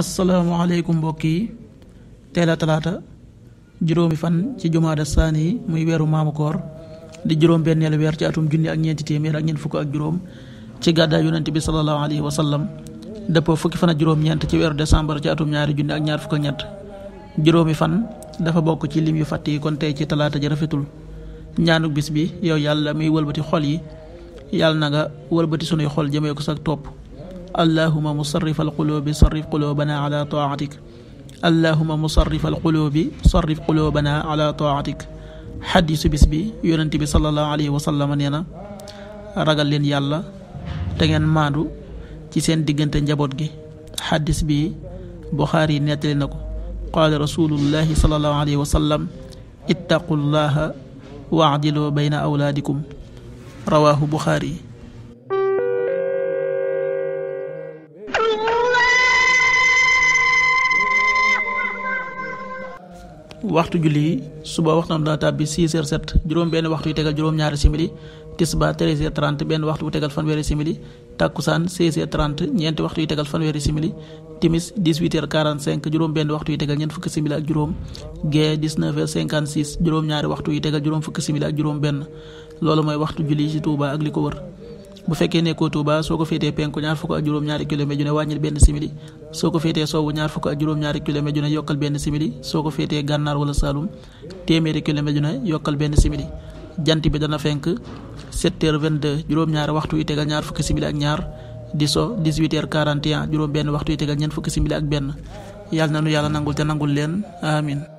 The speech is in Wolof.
asalaamaaleykum mbokk yi teel a talaata juróomi fan ci jumaada saani yi muy weeru maamu koor di juróom benneelu weer ci atum junni ak ñeenti téeméer ak ñeent fukk ak juróom ci gàddaay yonent bi sallallahu alayhi wa sallam dëppoo fukki fan ak juróom-ñeent ci weeru décembre ci atum ñaari junni ak ñaar fukk ak ñett juróomi fan dafa bokk ci lim yu fàtt yi kon tey ci talaata ji rafetul ñaanu bis bi yow yàlla muy walbati xol yi yàlla na nga wëlbati sunuy xol jëmee ko sa topp. allahuma musarrif alqulubi sarrif qulubana ala taatik allahuma musarrif alqulubi sarrif qulubana ala taatik xadisu bis bi yonent bi sallallahu alayhi wa sallam nee na ragal leen yàlla te ngeen maandu ci seen diggante njaboot gi xadis bi buxaari nettali na ko qaala rasulullahi sallallahu alayhi wa sallam ittaqullaha waadilu bayna awlaadikum rawaahu buxaari waxtu julli yi suba waxtaan dana tàbbi 6 heures juróom benn waxtu yu tegal juróom-ñaari simili tisba 13 heures 30 benn waxtu bu tegal fanweeri simili takkusaan 16 heures 30 ñeenti waxtu yu tegal fanweeri simili timis 18 heures 45 juróom benn waxtu yu tegal ñeent fukki simili ak juróom gee 19 heures 56 juróom-ñaari waxtu yu tegal juróom fukki simili ak juróom benn loolu mooy waxtu julli ci Touba ak li ko wër bu fekkee nekkoo Touba soo ko féetee penku ñaar fukk ak juróom-ñaari kilomètre ju ne wàññil benn simili soo ko féetee sowwu ñaar fukk ak juróom-ñaari kilomètre ju yokkal benn simili soo ko féetee gànnaar wala téeméeri kilomètre ju ne yokkal benn simili jant bi dana fenk 7 vingt 22 juróom-ñaari waxtu yu tegal ñaar fukki simili ak ñaar di so 18 heures 41 juróom benn waxtu yu tegal ñeent fukki simili ak benn yàlla na nu yàlla nangul te nangul leen amin